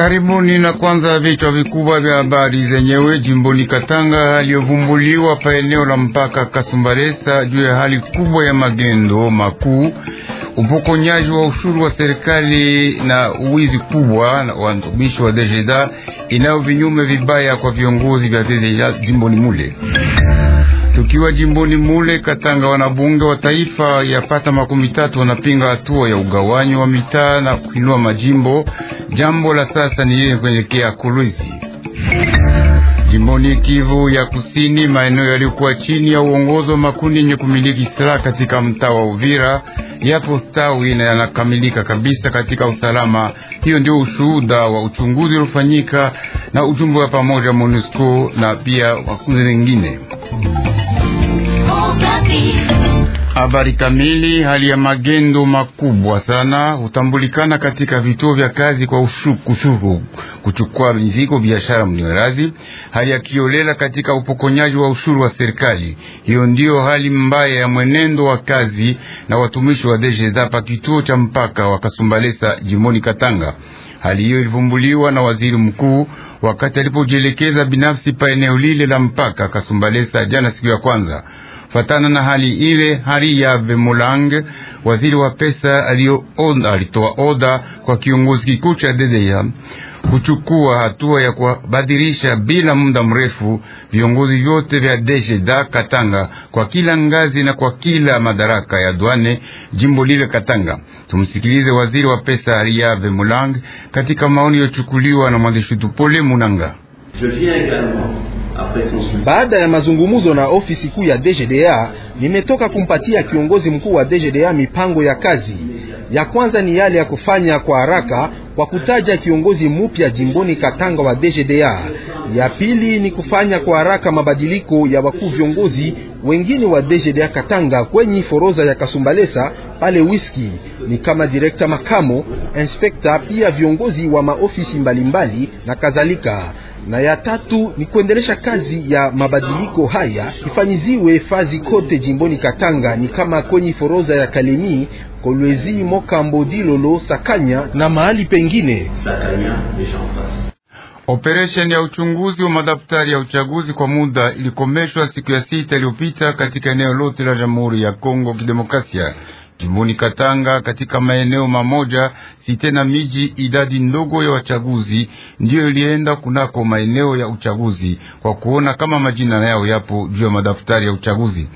Karibuni na kwanza vichwa vikubwa vya habari zenyewe. Jimboni Katanga, aliyovumbuliwa pa eneo la mpaka Kasumbalesa juu ya hali kubwa ya magendo makuu, upokonyaji wa ushuru wa serikali na uwizi kubwa na watumishi wa DGDA inayo vinyume vibaya kwa viongozi vya DGDA jimboni mule. Tukiwa jimboni mule Katanga, wanabunge wa taifa yapata makumi tatu wanapinga hatua ya ugawanyo wa mitaa na kuinua majimbo. Jambo la sasa ni ile kuelekea Kolwezi jimboni Kivu ya Kusini, maeneo yaliyokuwa chini ya uongozi wa makundi yenye kumiliki silaha katika mtaa wa Uvira yapo stawi na yanakamilika kabisa katika usalama. Hiyo ndio ushuhuda wa uchunguzi uliofanyika na ujumbe wa pamoja MONUSCO na pia makundi wengine. Habari kamili. Hali ya magendo makubwa sana hutambulikana katika vituo vya kazi kwa ushuru, kuchukua mizigo, biashara mniwerazi, hali ya kiolela katika upokonyaji wa ushuru wa serikali. Hiyo ndiyo hali mbaya ya mwenendo wa kazi na watumishi wa DGDA e pa kituo cha mpaka wa Kasumbalesa jimoni Katanga. Hali hiyo ilivumbuliwa na waziri mkuu wakati alipojielekeza binafsi pa eneo lile la mpaka Kasumbalesa jana siku ya kwanza. Fatana na hali ile, ya Molang, waziri wa pesa, alitoa oda kwa kiongozi kikuu cha Dedea kuchukua hatua ya kubadilisha bila muda mrefu viongozi vyote vya dgd Katanga kwa kila ngazi na kwa kila madaraka ya duane jimbo lile Katanga. Tumsikilize waziri wa pesa Ariave Mulang katika maoni yochukuliwa na mwandishi Tupole Munanga. Baada ya mazungumzo na ofisi kuu ya DGDA, nimetoka kumpatia kiongozi mkuu wa DGDA mipango ya kazi. Ya kwanza ni yale ya kufanya kwa haraka kwa kutaja kiongozi mpya jimboni Katanga wa DGDA. Ya pili ni kufanya kwa haraka mabadiliko ya wakuu viongozi wengine wa DGDA Katanga kwenye foroza ya Kasumbalesa pale whisky ni kama direkta makamo inspekta pia viongozi wa maofisi mbalimbali mbali, na kadhalika. Na ya tatu ni kuendelesha kazi ya mabadiliko haya ifanyiziwe fazi kote jimboni Katanga, ni kama kwenye foroza ya Kalemi, Kolwezi, Mokambo, Dilolo, Sakanya na mahali pengine. Operesheni ya uchunguzi wa madaftari ya uchaguzi kwa muda ilikomeshwa siku ya sita iliyopita katika eneo lote la Jamhuri ya Kongo Kidemokrasia. Jimboni Katanga, katika maeneo mamoja site na miji, idadi ndogo ya wachaguzi ndiyo ilienda kunako maeneo ya uchaguzi kwa kuona kama majina yao yapo juu ya madaftari ya uchaguzi.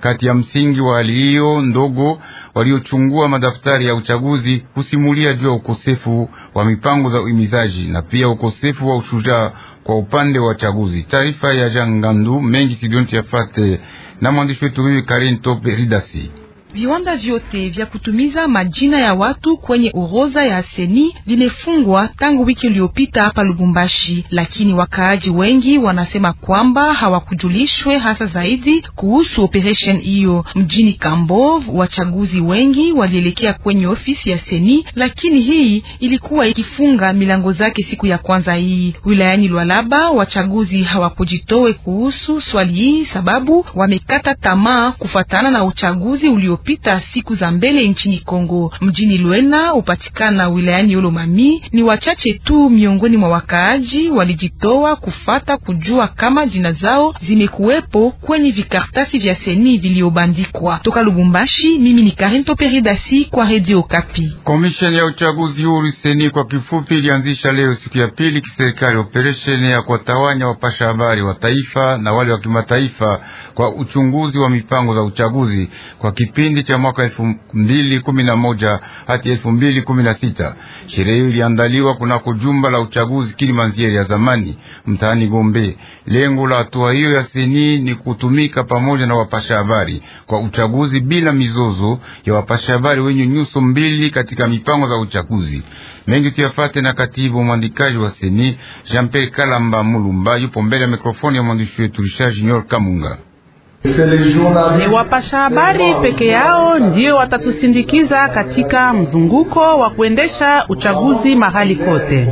Kati ya msingi wa hali hiyo ndogo, waliochungua madaftari ya uchaguzi husimulia juu ya ukosefu wa mipango za uhimizaji na pia ukosefu wa ushujaa kwa upande wa chaguzi. Taarifa ya Jangandu mengi sidionti yafate na mwandishi wetu huyu Karin Tope Ridasi. Viwanda vyote vya kutumiza majina ya watu kwenye orodha ya seni vimefungwa tangu wiki iliyopita hapa Lubumbashi, lakini wakaaji wengi wanasema kwamba hawakujulishwe hasa zaidi kuhusu operation hiyo. Mjini Kambov, wachaguzi wengi walielekea kwenye ofisi ya seni, lakini hii ilikuwa ikifunga milango zake siku ya kwanza hii. Wilayani Lwalaba, wachaguzi hawakujitowe kuhusu swali hii sababu wamekata tamaa kufuatana na uchaguzi ulio zilizopita siku za mbele nchini Kongo. Mjini Luena upatikana wilayani Olomami, ni wachache tu miongoni mwa wakaaji walijitoa kufata kujua kama jina zao zimekuwepo kwenye vikartasi vya seni viliobandikwa toka Lubumbashi. Mimi ni Karin Toperidasi kwa Radio Kapi. Komisheni ya uchaguzi huru seni kwa kifupi ilianzisha leo siku ya pili kiserikali operesheni ya kuwatawanya wapasha habari wa taifa na wale wa kimataifa kwa uchunguzi wa mipango za uchaguzi kwa kipindi kipindi cha mwaka elfu mbili kumi na moja hadi elfu mbili kumi na sita. Sherehe hiyo iliandaliwa kunako jumba la uchaguzi Kilimanzieri ya zamani mtaani Gombe. Lengo la hatua hiyo ya seni ni kutumika pamoja na wapasha habari kwa uchaguzi bila mizozo ya wapasha habari wenye nyuso mbili katika mipango za uchaguzi mengi. Tuyafate na katibu mwandikaji wa seni Jean Pierre Kalamba Mulumba yupo mbele ya mikrofoni ya mwandishi wetu Richard Junior Kamunga. Ni wapasha habari peke yao ndio watatusindikiza katika mzunguko wa kuendesha uchaguzi mahali kote.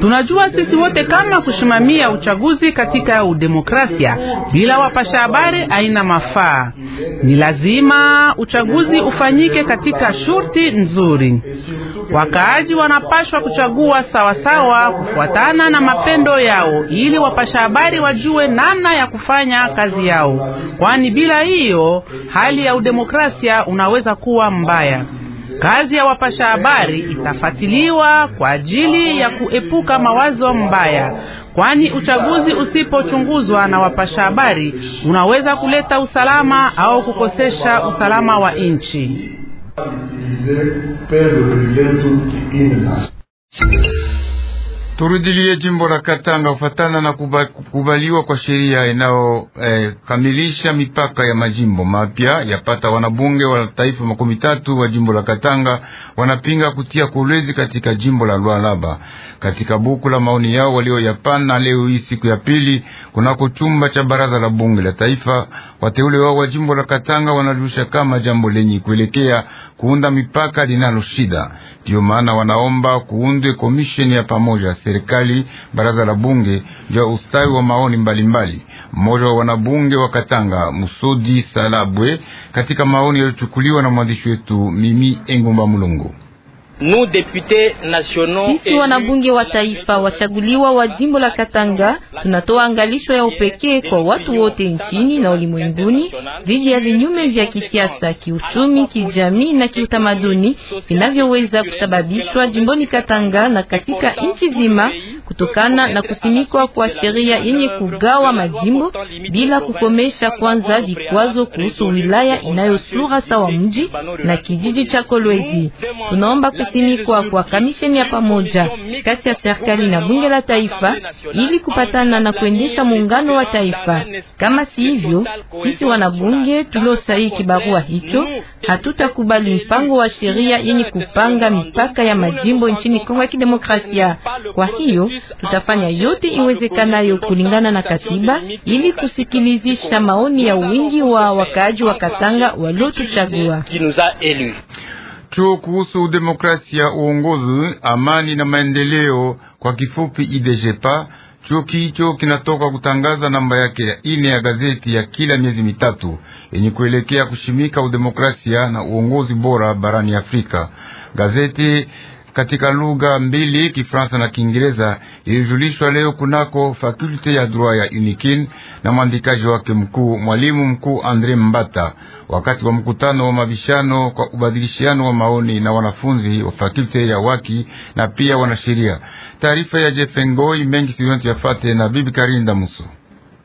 Tunajua sisi wote kama kushimamia uchaguzi katika udemokrasia bila wapasha habari haina mafaa. Ni lazima uchaguzi ufanyike katika shurti nzuri. Wakaaji wanapashwa kuchagua sawasawa kufuatana na mapendo yao, ili wapasha habari wajue namna ya kufanya kazi yao, kwani bila hiyo hali ya udemokrasia unaweza kuwa mbaya. Kazi ya wapasha habari itafatiliwa kwa ajili ya kuepuka mawazo mbaya, kwani uchaguzi usipochunguzwa na wapasha habari unaweza kuleta usalama au kukosesha usalama wa nchi. de Pedro bir y que Turudilie jimbo la Katanga ufatana na kubaliwa kwa sheria inayokamilisha eh, mipaka ya majimbo mapya yapata. Wanabunge wa taifa makumi tatu wa jimbo la Katanga wanapinga kutia kolwezi katika jimbo la Lualaba. Katika buku la maoni yao walioyapana leo hii siku ya pili kunako chumba cha baraza la bunge la taifa, wateule wao wa jimbo la Katanga wanajulisha kama jambo lenye kuelekea kuunda mipaka linalo shida Ndiyo maana wanaomba kuundwe komisheni ya pamoja serikali, baraza la bunge ya ustawi wa maoni mbalimbali. Mmoja wa wanabunge wa Katanga, Musodi Salabwe, katika maoni yaliyochukuliwa na mwandishi wetu Mimi Engomba Mulongo. Sisi wanabunge wa taifa wachaguliwa wa jimbo la Katanga tunatoa angalisho ya upekee kwa watu wote nchini na ulimwenguni dhidi ya vinyume vya kisiasa, kiuchumi, kijamii na kiutamaduni vinavyoweza kusababishwa jimboni Katanga na katika nchi zima kutokana na kusimikwa kwa sheria yenye kugawa majimbo bila kukomesha kwanza vikwazo kuhusu wilaya inayosura sawa mji na kijiji cha Kolwezi. Tunaomba kusimikwa kwa kamisheni ya pamoja kati ya serikali na bunge la taifa ili kupatana na kuendesha muungano wa taifa. Kama si hivyo, sisi wanabunge tuliosahii kibarua hicho hatutakubali mpango wa sheria yenye kupanga mipaka ya majimbo nchini Kongo ya Kidemokrasia. Kwa hiyo tutafanya yote iwezekanayo kulingana na katiba ili kusikilizisha maoni ya wingi wa wakaaji wa Katanga waliotuchagua. Chuo kuhusu demokrasia, uongozi, amani na maendeleo, kwa kifupi IDGPA. Chuo kicho kinatoka kutangaza namba yake ya ine ya gazeti ya kila miezi mitatu yenye kuelekea kushimika udemokrasia na uongozi bora barani Afrika. Gazeti katika lugha mbili Kifaransa na Kiingereza ilijulishwa leo kunako fakulte ya droit ya UNIKIN na mwandikaji wake mkuu mwalimu mkuu Andre Mbata wakati wa mkutano wa mabishano kwa ubadilishano wa maoni na wanafunzi wa fakulte ya waki na pia wanasheria. Taarifa ya Jefengoi mengi siyantu yafate na bibi Karinda Muso.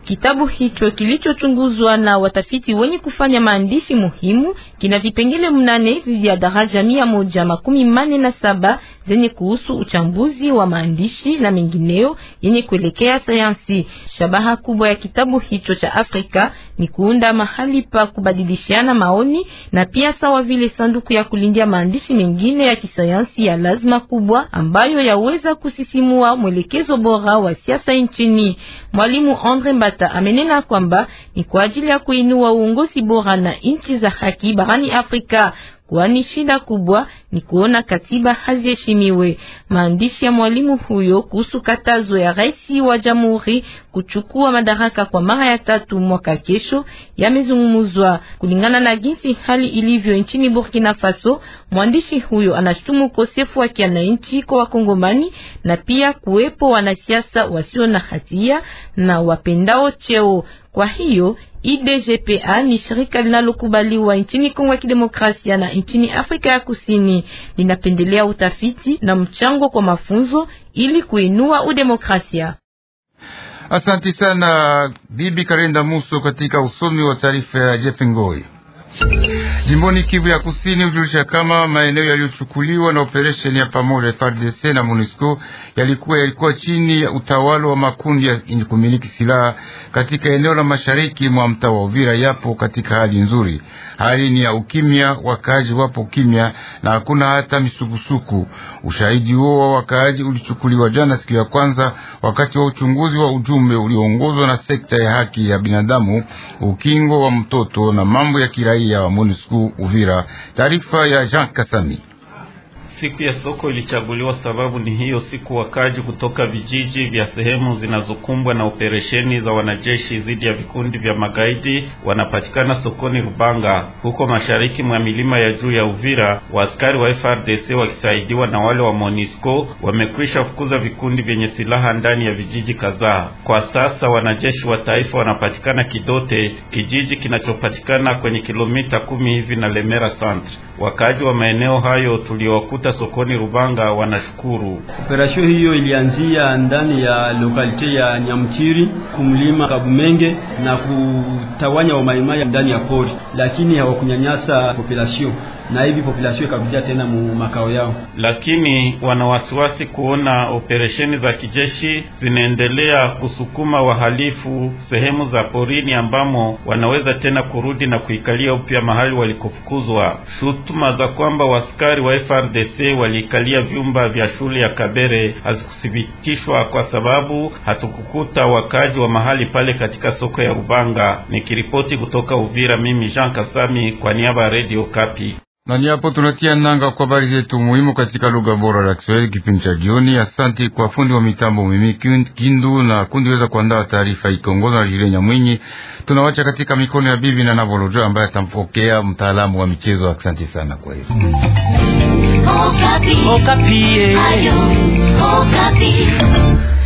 Kitabu hicho kilichochunguzwa na watafiti wenye kufanya maandishi muhimu kina vipengele mnane vya daraja mia moja makumi mane na saba zenye kuhusu uchambuzi wa maandishi na mengineo yenye kuelekea sayansi. Shabaha kubwa ya kitabu hicho cha Afrika ni kuunda mahali pa kubadilishana maoni na pia sawa vile sanduku ya kulindia maandishi mengine ya kisayansi ya lazima kubwa ambayo yaweza kusisimua mwelekezo bora wa siasa nchini. Mwalimu Andre Mbata Kenyatta amenena kwamba ni kwa ajili ya kuinua uongozi bora na nchi za haki barani Afrika kwani shida kubwa ni kuona katiba haziheshimiwe. Maandishi ya mwalimu huyo kuhusu katazo ya rais wa jamhuri kuchukua madaraka kwa mara ya tatu mwaka kesho yamezungumzwa. Kulingana na jinsi hali ilivyo nchini Burkina Faso, mwandishi huyo anashutumu ukosefu wa kiananchi kwa Wakongomani na pia kuwepo wanasiasa wasio na hatia na wapendao cheo. Kwa hiyo IDGPA ni shirika linalokubaliwa nchini Kongo ya Kidemokrasia na nchini Afrika ya Kusini. Linapendelea utafiti na mchango kwa mafunzo ili kuinua udemokrasia. Asanti sana Bibi Karenda Muso katika usomi wa taarifa ya Jeff Ngoi. Jimboni Kivu ya Kusini hujulisha kama maeneo yaliyochukuliwa na operesheni ya pamoja FARDC na MONUSCO yalikuwa yalikuwa chini ya utawala wa makundi yenye kumiliki silaha katika eneo la mashariki mwa mtaa wa Uvira, yapo katika hali nzuri hali ni ya ukimya, wakaaji wapo kimya na hakuna hata misukusuku. Ushahidi huo wa wakaaji ulichukuliwa jana siku ya kwanza wakati wa uchunguzi wa ujumbe ulioongozwa na sekta ya haki ya binadamu, ukingo wa mtoto na mambo ya kiraia wa MONUSCO Uvira. Taarifa ya Jean Kasami. Siku ya soko ilichaguliwa sababu ni hiyo siku wakaji kutoka vijiji vya sehemu zinazokumbwa na operesheni za wanajeshi dhidi ya vikundi vya magaidi wanapatikana sokoni Rubanga, huko mashariki mwa milima ya juu ya Uvira. Waaskari wa FRDC wakisaidiwa na wale wa MONUSCO wamekwisha fukuza vikundi vyenye silaha ndani ya vijiji kadhaa. Kwa sasa wanajeshi wa taifa wanapatikana Kidote, kijiji kinachopatikana kwenye kilomita kumi hivi na Lemera Centre. Wakaaji wa maeneo hayo tuliowakuta sokoni Rubanga wanashukuru operasio hiyo. Ilianzia ndani ya lokalite ya Nyamchiri kumlima Kabumenge na kutawanya wamaimai ndani ya pori, lakini hawakunyanyasa population na hivi population ikarudia tena mu makao yao, lakini wana wasiwasi kuona operesheni za kijeshi zinaendelea kusukuma wahalifu sehemu za porini ambamo wanaweza tena kurudi na kuikalia upya mahali walikofukuzwa. Shutuma za kwamba waskari wa FRDC waliikalia vyumba vya shule ya Kabere hazikuthibitishwa kwa sababu hatukukuta wakaji wa mahali pale katika soko ya Rubanga. Nikiripoti kutoka Uvira, mimi Jean Kasami kwa niaba ya Radio Kapi. Na ni hapo tunatia nanga kwa habari zetu muhimu katika lugha bora la Kiswahili kipindi cha jioni. Asante kwa fundi wa mitambo mimi Kindu na kundiweza kuandaa taarifa ikiongozwa na Jirenya Mwinyi. Tunawacha katika mikono ya bibi na Navolojo ambaye atampokea mtaalamu wa michezo. Asante sana kwa hiyo. Okapi. Okapi. Eh. Ayo. Okapi.